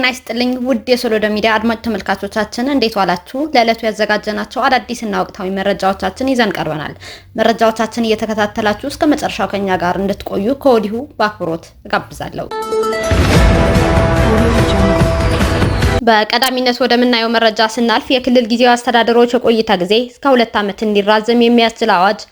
ጤና ይስጥልኝ ውድ የሶሎዳ ሚዲያ አድማጭ ተመልካቾቻችን እንዴት ዋላችሁ? ለዕለቱ ያዘጋጀናቸው አዳዲስና ወቅታዊ መረጃዎቻችን ይዘን ቀርበናል። መረጃዎቻችን እየተከታተላችሁ እስከ መጨረሻው ከኛ ጋር እንድትቆዩ ከወዲሁ በአክብሮት እጋብዛለሁ። በቀዳሚነት ወደምናየው መረጃ ስናልፍ የክልል ጊዜያዊ አስተዳደሮች የቆይታ ጊዜ እስከ ሁለት ዓመት እንዲራዘም የሚያስችል አዋጅ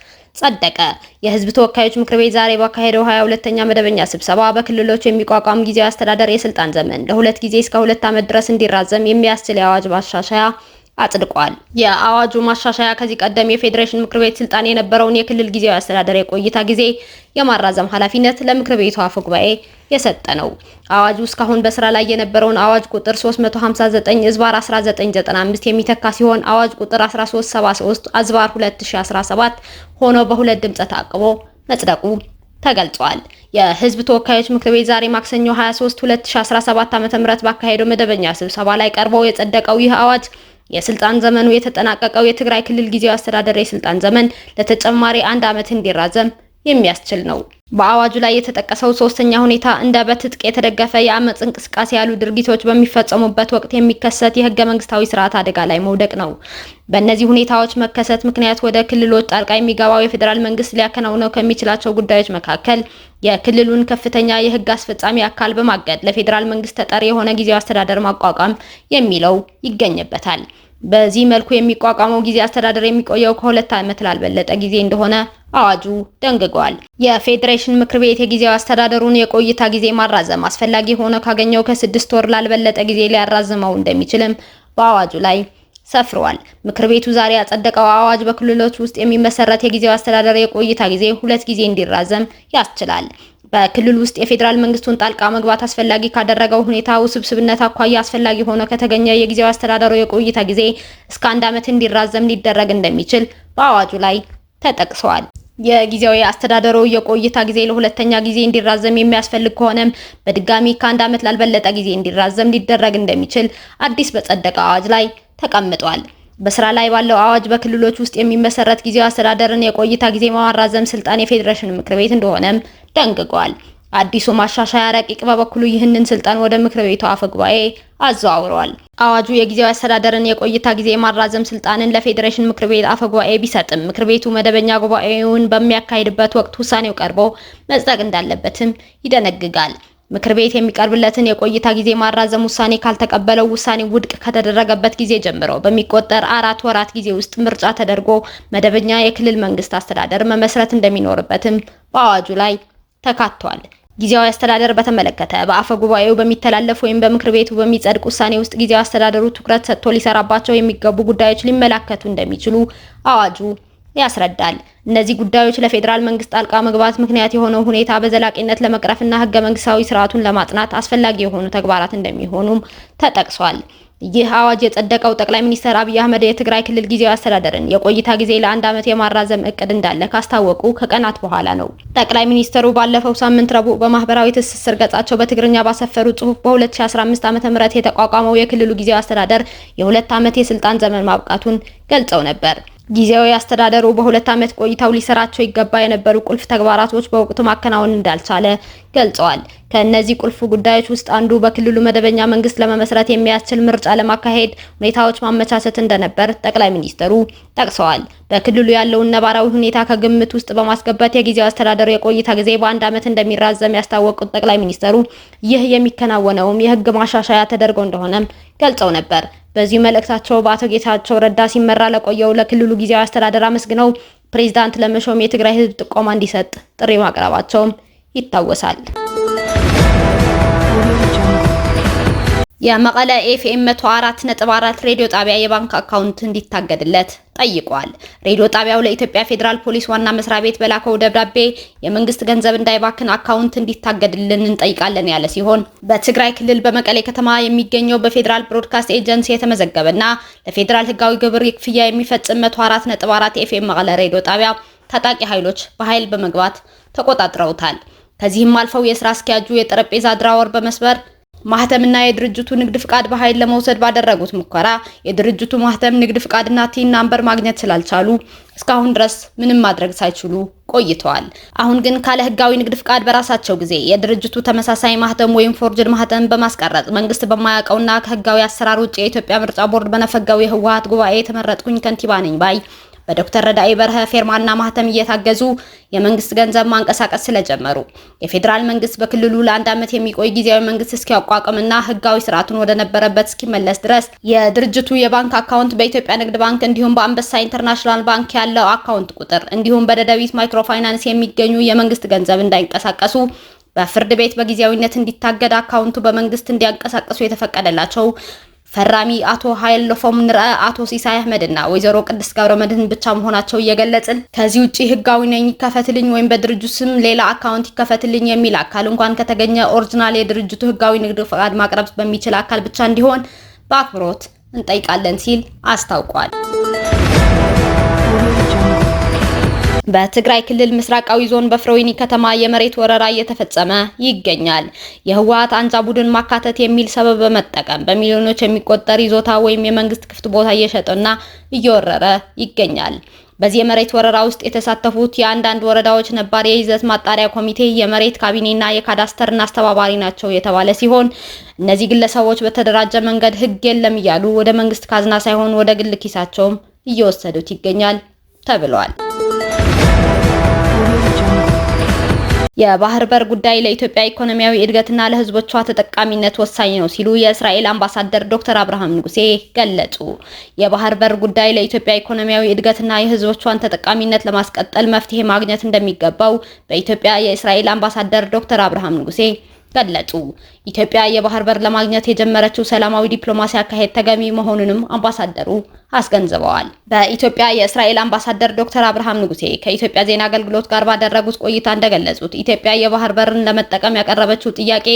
ጸደቀ። የህዝብ ተወካዮች ምክር ቤት ዛሬ ባካሄደው 22ኛ መደበኛ ስብሰባ በክልሎች የሚቋቋም ጊዜያዊ አስተዳደር የስልጣን ዘመን ለሁለት ጊዜ እስከ ሁለት ዓመት ድረስ እንዲራዘም የሚያስችል የአዋጅ ማሻሻያ አጽድቋል። የአዋጁ ማሻሻያ ከዚህ ቀደም የፌዴሬሽን ምክር ቤት ስልጣን የነበረውን የክልል ጊዜያዊ አስተዳደር የቆይታ ጊዜ የማራዘም ኃላፊነት ለምክር ቤቱ አፈ ጉባኤ የሰጠ ነው። አዋጁ እስካሁን በስራ ላይ የነበረውን አዋጅ ቁጥር 359 ዝባር 1995 የሚተካ ሲሆን አዋጅ ቁጥር 1373 አዝባር 2017 ሆኖ በሁለት ድምፀ ተአቅቦ መጽደቁ ተገልጿል። የህዝብ ተወካዮች ምክር ቤት ዛሬ ማክሰኞ 23 2017 ዓ.ም ባካሄደው መደበኛ ስብሰባ ላይ ቀርቦ የጸደቀው ይህ አዋጅ የስልጣን ዘመኑ የተጠናቀቀው የትግራይ ክልል ጊዜያዊ አስተዳደር የስልጣን ዘመን ለተጨማሪ አንድ ዓመት እንዲራዘም የሚያስችል ነው። በአዋጁ ላይ የተጠቀሰው ሶስተኛ ሁኔታ እንደ በትጥቅ የተደገፈ የአመፅ እንቅስቃሴ ያሉ ድርጊቶች በሚፈጸሙበት ወቅት የሚከሰት የህገ መንግስታዊ ስርዓት አደጋ ላይ መውደቅ ነው። በእነዚህ ሁኔታዎች መከሰት ምክንያት ወደ ክልሎች ጣልቃ የሚገባው የፌዴራል መንግስት ሊያከናውነው ከሚችላቸው ጉዳዮች መካከል የክልሉን ከፍተኛ የህግ አስፈጻሚ አካል በማገድ ለፌዴራል መንግስት ተጠሪ የሆነ ጊዜያዊ አስተዳደር ማቋቋም የሚለው ይገኝበታል። በዚህ መልኩ የሚቋቋመው ጊዜ አስተዳደር የሚቆየው ከሁለት ዓመት ላልበለጠ ጊዜ እንደሆነ አዋጁ ደንግጓል። የፌዴሬሽን ምክር ቤት የጊዜው አስተዳደሩን የቆይታ ጊዜ ማራዘም አስፈላጊ ሆኖ ካገኘው ከስድስት ወር ላልበለጠ ጊዜ ሊያራዝመው እንደሚችልም በአዋጁ ላይ ሰፍረዋል። ምክር ቤቱ ዛሬ ያጸደቀው አዋጅ በክልሎች ውስጥ የሚመሰረት የጊዜው አስተዳደር የቆይታ ጊዜ ሁለት ጊዜ እንዲራዘም ያስችላል። በክልል ውስጥ የፌዴራል መንግስቱን ጣልቃ መግባት አስፈላጊ ካደረገው ሁኔታ ውስብስብነት አኳያ አስፈላጊ ሆኖ ከተገኘ የጊዜው አስተዳደሩ የቆይታ ጊዜ እስከ አንድ ዓመት እንዲራዘም ሊደረግ እንደሚችል በአዋጁ ላይ ተጠቅሰዋል። የጊዜያዊ አስተዳደሩ የቆይታ ጊዜ ለሁለተኛ ጊዜ እንዲራዘም የሚያስፈልግ ከሆነም በድጋሚ ከአንድ ዓመት ላልበለጠ ጊዜ እንዲራዘም ሊደረግ እንደሚችል አዲስ በጸደቀ አዋጅ ላይ ተቀምጧል። በስራ ላይ ባለው አዋጅ በክልሎች ውስጥ የሚመሰረት ጊዜያዊ አስተዳደርን የቆይታ ጊዜ ማራዘም ስልጣን የፌዴሬሽን ምክር ቤት እንደሆነም ደንግጓል። አዲሱ ማሻሻያ ረቂቅ በበኩሉ ይህንን ስልጣን ወደ ምክር ቤቱ አፈ ጉባኤ አዋጁ የጊዜያዊ አስተዳደርን የቆይታ ጊዜ የማራዘም ስልጣንን ለፌዴሬሽን ምክር ቤት አፈ ጉባኤ ቢሰጥም ምክር ቤቱ መደበኛ ጉባኤውን በሚያካሂድበት ወቅት ውሳኔው ቀርቦ መጽደቅ እንዳለበትም ይደነግጋል። ምክር ቤት የሚቀርብለትን የቆይታ ጊዜ ማራዘም ውሳኔ ካልተቀበለው ውሳኔ ውድቅ ከተደረገበት ጊዜ ጀምሮ በሚቆጠር አራት ወራት ጊዜ ውስጥ ምርጫ ተደርጎ መደበኛ የክልል መንግስት አስተዳደር መመስረት እንደሚኖርበትም በአዋጁ ላይ ተካቷል። ጊዜያዊ አስተዳደር በተመለከተ በአፈ ጉባኤው በሚተላለፍ ወይም በምክር ቤቱ በሚጸድቅ ውሳኔ ውስጥ ጊዜያዊ አስተዳደሩ ትኩረት ሰጥቶ ሊሰራባቸው የሚገቡ ጉዳዮች ሊመላከቱ እንደሚችሉ አዋጁ ያስረዳል። እነዚህ ጉዳዮች ለፌዴራል መንግስት ጣልቃ መግባት ምክንያት የሆነው ሁኔታ በዘላቂነት ለመቅረፍና ህገ መንግስታዊ ስርዓቱን ለማጽናት አስፈላጊ የሆኑ ተግባራት እንደሚሆኑም ተጠቅሷል። ይህ አዋጅ የጸደቀው ጠቅላይ ሚኒስትር አብይ አህመድ የትግራይ ክልል ጊዜያዊ አስተዳደርን የቆይታ ጊዜ ለአንድ ዓመት የማራዘም እቅድ እንዳለ ካስታወቁ ከቀናት በኋላ ነው። ጠቅላይ ሚኒስትሩ ባለፈው ሳምንት ረቡዕ በማህበራዊ ትስስር ገጻቸው በትግርኛ ባሰፈሩ ጽሁፍ በ2015 ዓ ም የተቋቋመው የክልሉ ጊዜያዊ አስተዳደር የሁለት ዓመት የስልጣን ዘመን ማብቃቱን ገልጸው ነበር። ጊዜያዊ አስተዳደሩ በሁለት ዓመት ቆይታው ሊሰራቸው ይገባ የነበሩ ቁልፍ ተግባራቶች በወቅቱ ማከናወን እንዳልቻለ ገልጸዋል። ከእነዚህ ቁልፍ ጉዳዮች ውስጥ አንዱ በክልሉ መደበኛ መንግስት ለመመስረት የሚያስችል ምርጫ ለማካሄድ ሁኔታዎች ማመቻቸት እንደነበር ጠቅላይ ሚኒስትሩ ጠቅሰዋል። በክልሉ ያለውን ነባራዊ ሁኔታ ከግምት ውስጥ በማስገባት የጊዜያዊ አስተዳደሩ የቆይታ ጊዜ በአንድ ዓመት እንደሚራዘም ያስታወቁት ጠቅላይ ሚኒስትሩ ይህ የሚከናወነውም የህግ ማሻሻያ ተደርጎ እንደሆነም ገልጸው ነበር። በዚህ መልእክታቸው በአቶ ጌታቸው ረዳ ሲመራ ለቆየው ለክልሉ ጊዜያዊ አስተዳደር አመስግነው ፕሬዝዳንት ለመሾም የትግራይ ህዝብ ጥቆማ እንዲሰጥ ጥሪ ማቅረባቸውም ይታወሳል። የመቀለ ኤፍኤም አራት ሬዲዮ ጣቢያ የባንክ አካውንት እንዲታገድለት ጠይቋል። ሬዲዮ ጣቢያው ለኢትዮጵያ ፌዴራል ፖሊስ ዋና መስሪያ ቤት በላከው ደብዳቤ የመንግስት ገንዘብ እንዳይባክን አካውንት እንዲታገድልን እንጠይቃለን ያለ ሲሆን በትግራይ ክልል በመቀሌ ከተማ የሚገኘው በፌዴራል ብሮድካስት ኤጀንሲ የተመዘገበና ለፌዴራል ህጋዊ ግብር ክፍያ የሚፈጽም ነጥ4 ኤፍኤም መቀለ ሬዲዮ ጣቢያ ታጣቂ ኃይሎች በኃይል በመግባት ተቆጣጥረውታል። ከዚህም አልፈው የስራ አስኪያጁ የጠረጴዛ ድራወር በመስበር ማህተምና የድርጅቱ ንግድ ፍቃድ በኃይል ለመውሰድ ባደረጉት ሙከራ የድርጅቱ ማህተም፣ ንግድ ፍቃድና ቲን ናምበር ማግኘት ስላልቻሉ እስካሁን ድረስ ምንም ማድረግ ሳይችሉ ቆይተዋል። አሁን ግን ካለ ህጋዊ ንግድ ፍቃድ በራሳቸው ጊዜ የድርጅቱ ተመሳሳይ ማህተም ወይም ፎርጅድ ማህተም በማስቀረጥ መንግስት በማያውቀውና ከህጋዊ አሰራር ውጭ የኢትዮጵያ ምርጫ ቦርድ በነፈገው የህወሀት ጉባኤ የተመረጥኩኝ ከንቲባ ነኝ ባይ በዶክተር ረዳኤ በርሀ ፌርማና ማህተም እየታገዙ የመንግስት ገንዘብ ማንቀሳቀስ ስለጀመሩ የፌዴራል መንግስት በክልሉ ለአንድ ዓመት የሚቆይ ጊዜያዊ መንግስት ና ህጋዊ ስርዓቱን ወደነበረበት እስኪመለስ ድረስ የድርጅቱ የባንክ አካውንት በኢትዮጵያ ንግድ ባንክ እንዲሁም በአንበሳ ኢንተርናሽናል ባንክ ያለው አካውንት ቁጥር እንዲሁም በደደቢት ማይክሮፋይናንስ የሚገኙ የመንግስት ገንዘብ እንዳይንቀሳቀሱ በፍርድ ቤት በጊዜያዊነት እንዲታገድ አካውንቱ በመንግስት እንዲያንቀሳቀሱ የተፈቀደላቸው ፈራሚ አቶ ሀይለፎም ንርአ አቶ ሲሳይ አህመድና ወይዘሮ ቅድስት ገብረ መድህን ብቻ መሆናቸው እየገለጽን ከዚህ ውጭ ህጋዊ ነኝ ይከፈትልኝ ወይም በድርጅቱ ስም ሌላ አካውንት ይከፈትልኝ የሚል አካል እንኳን ከተገኘ ኦሪጂናል የድርጅቱ ህጋዊ ንግድ ፈቃድ ማቅረብ በሚችል አካል ብቻ እንዲሆን በአክብሮት እንጠይቃለን ሲል አስታውቋል። በትግራይ ክልል ምስራቃዊ ዞን በፍሮይኒ ከተማ የመሬት ወረራ እየተፈጸመ ይገኛል። የህወሀት አንጃ ቡድን ማካተት የሚል ሰበብ በመጠቀም በሚሊዮኖች የሚቆጠር ይዞታ ወይም የመንግስት ክፍት ቦታ እየሸጠና እየወረረ ይገኛል። በዚህ የመሬት ወረራ ውስጥ የተሳተፉት የአንዳንድ ወረዳዎች ነባር የይዘት ማጣሪያ ኮሚቴ የመሬት ካቢኔና የካዳስተርና አስተባባሪ ናቸው የተባለ ሲሆን እነዚህ ግለሰቦች በተደራጀ መንገድ ህግ የለም እያሉ ወደ መንግስት ካዝና ሳይሆን ወደ ግል ኪሳቸውም እየወሰዱት ይገኛል ተብሏል። የባህር በር ጉዳይ ለኢትዮጵያ ኢኮኖሚያዊ እድገትና ለህዝቦቿ ተጠቃሚነት ወሳኝ ነው ሲሉ የእስራኤል አምባሳደር ዶክተር አብርሃም ንጉሴ ገለጹ። የባህር በር ጉዳይ ለኢትዮጵያ ኢኮኖሚያዊ እድገትና የህዝቦቿን ተጠቃሚነት ለማስቀጠል መፍትሄ ማግኘት እንደሚገባው በኢትዮጵያ የእስራኤል አምባሳደር ዶክተር አብርሃም ንጉሴ ገለጹ። ኢትዮጵያ የባህር በር ለማግኘት የጀመረችው ሰላማዊ ዲፕሎማሲ አካሄድ ተገቢ መሆኑንም አምባሳደሩ አስገንዝበዋል። በኢትዮጵያ የእስራኤል አምባሳደር ዶክተር አብርሃም ንጉሴ ከኢትዮጵያ ዜና አገልግሎት ጋር ባደረጉት ቆይታ እንደገለጹት ኢትዮጵያ የባህር በርን ለመጠቀም ያቀረበችው ጥያቄ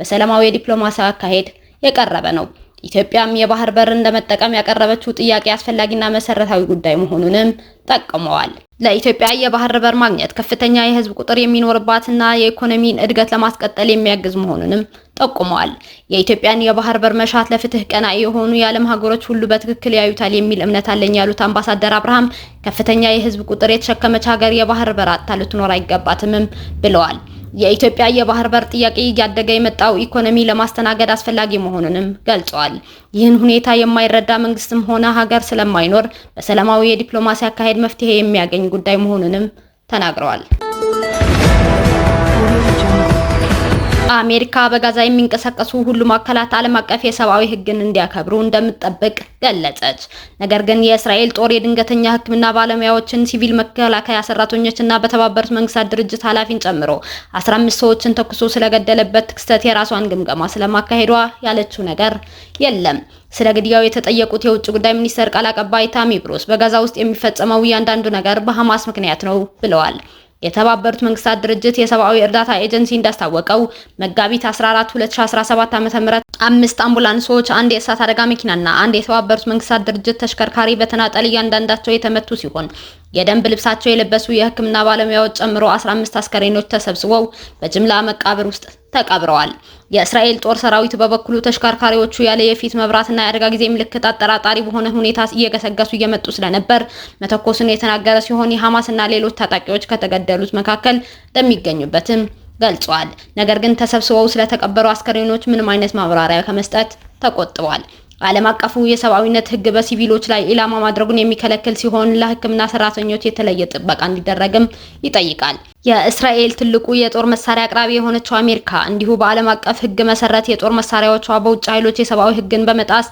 በሰላማዊ የዲፕሎማሲ አካሄድ የቀረበ ነው። ኢትዮጵያም የባህር በርን ለመጠቀም ያቀረበችው ጥያቄ አስፈላጊና መሰረታዊ ጉዳይ መሆኑንም ጠቅመዋል። ለኢትዮጵያ የባህር በር ማግኘት ከፍተኛ የህዝብ ቁጥር የሚኖርባትና የኢኮኖሚን እድገት ለማስቀጠል የሚያግዝ መሆኑንም ጠቁመዋል። የኢትዮጵያን የባህር በር መሻት ለፍትህ ቀና የሆኑ የዓለም ሀገሮች ሁሉ በትክክል ያዩታል የሚል እምነት አለኝ ያሉት አምባሳደር አብርሃም ከፍተኛ የህዝብ ቁጥር የተሸከመች ሀገር የባህር በር አጥታ ልትኖር አይገባትምም ብለዋል። የኢትዮጵያ የባህር በር ጥያቄ እያደገ የመጣው ኢኮኖሚ ለማስተናገድ አስፈላጊ መሆኑንም ገልጿል። ይህን ሁኔታ የማይረዳ መንግስትም ሆነ ሀገር ስለማይኖር በሰላማዊ የዲፕሎማሲ አካሄድ መፍትሄ የሚያገኝ ጉዳይ መሆኑንም ተናግረዋል። አሜሪካ በጋዛ የሚንቀሳቀሱ ሁሉም አካላት ዓለም አቀፍ የሰብአዊ ሕግን እንዲያከብሩ እንደምትጠብቅ ገለጸች። ነገር ግን የእስራኤል ጦር የድንገተኛ ሕክምና ባለሙያዎችን፣ ሲቪል መከላከያ ሰራተኞችና በተባበሩት መንግስታት ድርጅት ኃላፊን ጨምሮ 15 ሰዎችን ተኩሶ ስለገደለበት ክስተት የራሷን ግምገማ ስለማካሄዷ ያለችው ነገር የለም። ስለ ግድያው የተጠየቁት የውጭ ጉዳይ ሚኒስቴር ቃል አቀባይ ታሚ ብሩስ በጋዛ ውስጥ የሚፈጸመው እያንዳንዱ ነገር በሐማስ ምክንያት ነው ብለዋል። የተባበሩት መንግስታት ድርጅት የሰብአዊ እርዳታ ኤጀንሲ እንዳስታወቀው መጋቢት 14 2017 ዓ.ም አምስት አምቡላንሶች፣ አንድ የእሳት አደጋ መኪናና አንድ የተባበሩት መንግስታት ድርጅት ተሽከርካሪ በተናጠል እያንዳንዳቸው የተመቱ ሲሆን የደንብ ልብሳቸው የለበሱ የሕክምና ባለሙያዎች ጨምሮ 15 አስከሬኖች ተሰብስበው በጅምላ መቃብር ውስጥ ተቀብረዋል። የእስራኤል ጦር ሰራዊት በበኩሉ ተሽከርካሪዎቹ ያለ የፊት መብራትና የአደጋ ጊዜ ምልክት አጠራጣሪ በሆነ ሁኔታ እየገሰገሱ እየመጡ ስለነበር መተኮሱን የተናገረ ሲሆን የሐማስና ሌሎች ታጣቂዎች ከተገደሉት መካከል እንደሚገኙበትም ገልጿል። ነገር ግን ተሰብስበው ስለተቀበሩ አስከሬኖች ምንም አይነት ማብራሪያ ከመስጠት ተቆጥቧል። ዓለም አቀፉ የሰብአዊነት ህግ በሲቪሎች ላይ ኢላማ ማድረጉን የሚከለክል ሲሆን ለህክምና ሰራተኞች የተለየ ጥበቃ እንዲደረግም ይጠይቃል። የእስራኤል ትልቁ የጦር መሳሪያ አቅራቢ የሆነችው አሜሪካ እንዲሁ በዓለም አቀፍ ህግ መሰረት የጦር መሳሪያዎቿ በውጭ ኃይሎች የሰብአዊ ህግን በመጣስ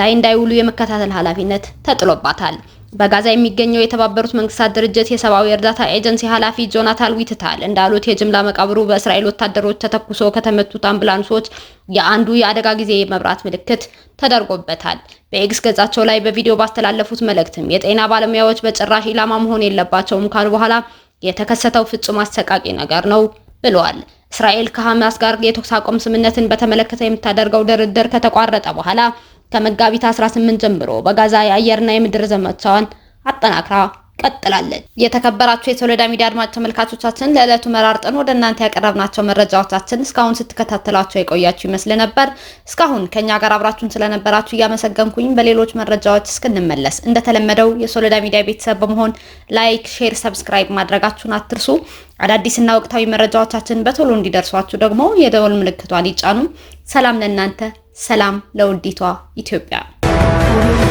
ላይ እንዳይውሉ የመከታተል ኃላፊነት ተጥሎባታል። በጋዛ የሚገኘው የተባበሩት መንግስታት ድርጅት የሰብአዊ እርዳታ ኤጀንሲ ኃላፊ ጆናታን ዊትታል እንዳሉት የጅምላ መቃብሩ በእስራኤል ወታደሮች ተተኩሶ ከተመቱት አምቡላንሶች የአንዱ የአደጋ ጊዜ የመብራት ምልክት ተደርጎበታል። በኤክስ ገጻቸው ላይ በቪዲዮ ባስተላለፉት መልእክትም የጤና ባለሙያዎች በጭራሽ ኢላማ መሆን የለባቸውም ካሉ በኋላ የተከሰተው ፍጹም አሰቃቂ ነገር ነው ብለዋል። እስራኤል ከሐማስ ጋር የተኩስ አቁም ስምምነትን በተመለከተ የምታደርገው ድርድር ከተቋረጠ በኋላ ከመጋቢት 18 ጀምሮ በጋዛ የአየርና የምድር ዘመቻዋን አጠናክራ ቀጥላለች። የተከበራችሁ የሶሎዳ ሚዲያ አድማጭ ተመልካቾቻችን ለዕለቱ መራርጠን ወደ እናንተ ያቀረብናቸው መረጃዎቻችን እስካሁን ስትከታተላቸው የቆያችሁ ይመስል ነበር። እስካሁን ከኛ ጋር አብራችሁን ስለነበራችሁ እያመሰገንኩኝ በሌሎች መረጃዎች እስክንመለስ እንደተለመደው የሶሎዳ ሚዲያ ቤተሰብ በመሆን ላይክ፣ ሼር፣ ሰብስክራይብ ማድረጋችሁን አትርሱ። አዳዲስና ወቅታዊ መረጃዎቻችን በቶሎ እንዲደርሷችሁ ደግሞ የደወል ምልክቷን ይጫኑ። ሰላም ለእናንተ ሰላም ለውዲቷ ኢትዮጵያ።